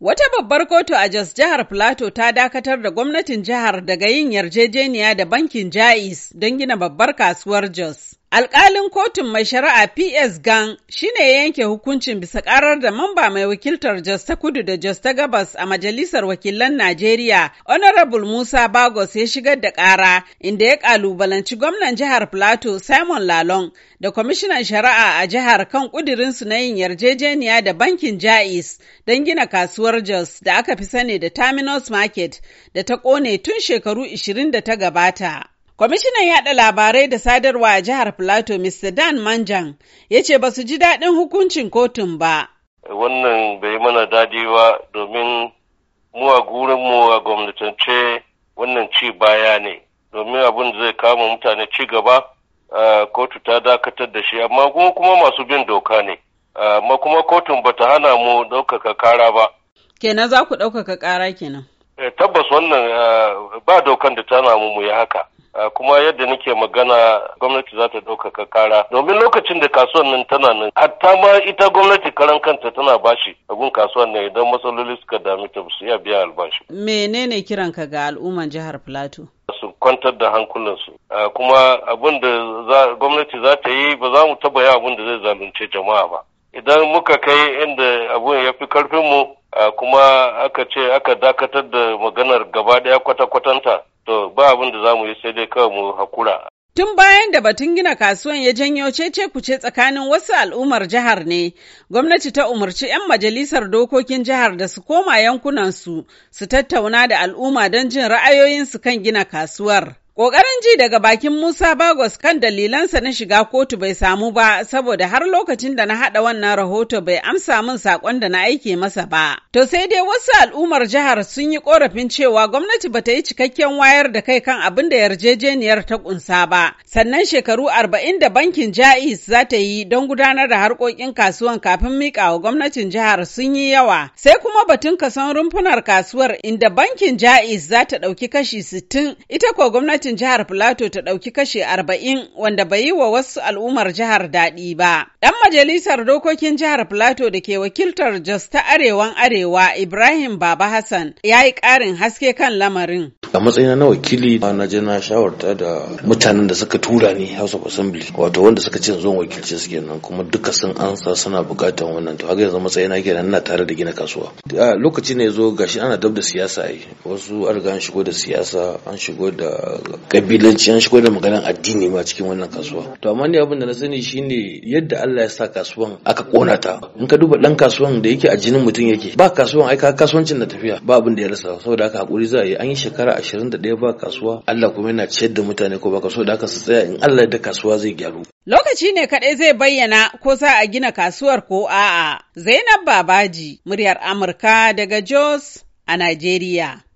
Wata babbar kotu a Jos jihar Filato ta dakatar da gwamnatin jihar daga yin yarjejeniya da bankin Jais don gina babbar kasuwar Jos. Alƙalin kotun mai shari'a PS Gang shine ne yanke hukuncin bisa ƙarar da mamba mai wakiltar Jos ta kudu da Jos ta gabas a Majalisar Wakilan Najeriya, Honorable Musa Bagos ya shigar da ƙara inda ya ƙalubalanci gwamnan jihar Plateau Simon Lalong da kwamishinan shari'a a jihar kan su na yin yarjejeniya da bankin Jais don gina kasuwar Jos da aka fi sani da Terminus Market da ta ƙone tun shekaru ishirin da ta gabata. Kwamishinan yaɗa labarai da sadarwa a jihar Filato, Mr. Dan Manjan, ya ce ba su ji daɗin hukuncin kotun ba. Wannan bai mana daɗi ba domin mu a gurinmu a gwamnatance wannan ci baya ne, domin abin zai kama mutane ci gaba kotu ta dakatar da shi, amma kuma masu bin doka ne, amma kuma kotun bata hana mu ɗaukaka kara ba. Kenan za ku ɗaukaka kara kenan. Eh, tabbas wannan ba dokan da ta namu mu yi haka. Eh, kuma yadda nake magana gwamnati za ta ɗaukaka kara domin lokacin da kasuwan nan tana nan hatta ma ita gwamnati karan kanta tana bashi gun kasuwan ne idan matsaloli suka dami ta su iya biya albashi. menene ka ga al'umman jihar plateau su kwantar da hankulansu eh, kuma abin da gwamnati za ta yi ba za mu taba yi abin da zai zalunce jama'a ba idan muka kai inda abin ya fi karfinmu eh, kuma aka ce aka dakatar da maganar gaba daya kwata-kwatanta to ba abin da za mu yi sai dai kawai mu hakura Tun bayan da batun gina kasuwan ya janyo cece kuce tsakanin wasu al'ummar jihar ne, gwamnati ta umarci 'yan majalisar dokokin jihar da su koma yankunansu su tattauna da al'umma don jin ra'ayoyinsu kan gina kasuwar. Ƙoƙarin ji daga bakin Musa Bagos kan dalilansa na shiga kotu bai samu ba saboda har lokacin da na haɗa wannan rahoto bai amsa min saƙon da na aike masa ba. To sai dai wasu al'ummar jihar sun yi ƙorafin cewa gwamnati bata yi cikakken wayar da kai kan abin da yarjejeniyar ta ƙunsa ba. Sannan shekaru arba'in da bankin Ja'is za ta yi don gudanar da harkokin kasuwan kafin miƙa wa gwamnatin jihar sun yi yawa. Sai kuma batun kason rumfunar kasuwar inda bankin Ja'is za ta ɗauki kashi sittin ita ko gwamnati gwamnatin jihar Filato ta ɗauki kashe arba'in wanda bai yi wa wasu al'ummar jihar daɗi ba. Ɗan majalisar dokokin jihar Filato da ke wakiltar Jos ta Arewan Arewa Ibrahim Baba Hassan ya yi ƙarin haske kan lamarin. a matsayina na wakili na je na shawarta da mutanen da suka tura ni house of assembly wato wanda suka ce zon wakilci su nan kuma duka sun ansa suna bukatan wannan to haka yanzu matsayina kenan ina tare da gina kasuwa a lokaci ne zo gashi ana dab da siyasa yi wasu an riga an shigo da siyasa an shigo da kabilanci an shigo da maganan addini ma cikin wannan kasuwa to amma ni abin da na sani shine yadda Allah ya sa kasuwan aka kona ta in ka duba dan kasuwan da yake a jinin mutum yake ba kasuwan ai kasuwancin na tafiya ba abin da ya rasa saboda haka hakuri za a yi an yi shekara ashirin da ɗaya ba kasuwa Allah kuma yana ciyar da mutane ko ba kaso da aka su tsaya in Allah da kasuwa zai gyaru lokaci ne kaɗai zai bayyana ko za a gina kasuwar ko a'a Zainab Babaji muryar Amurka daga Jos a Najeriya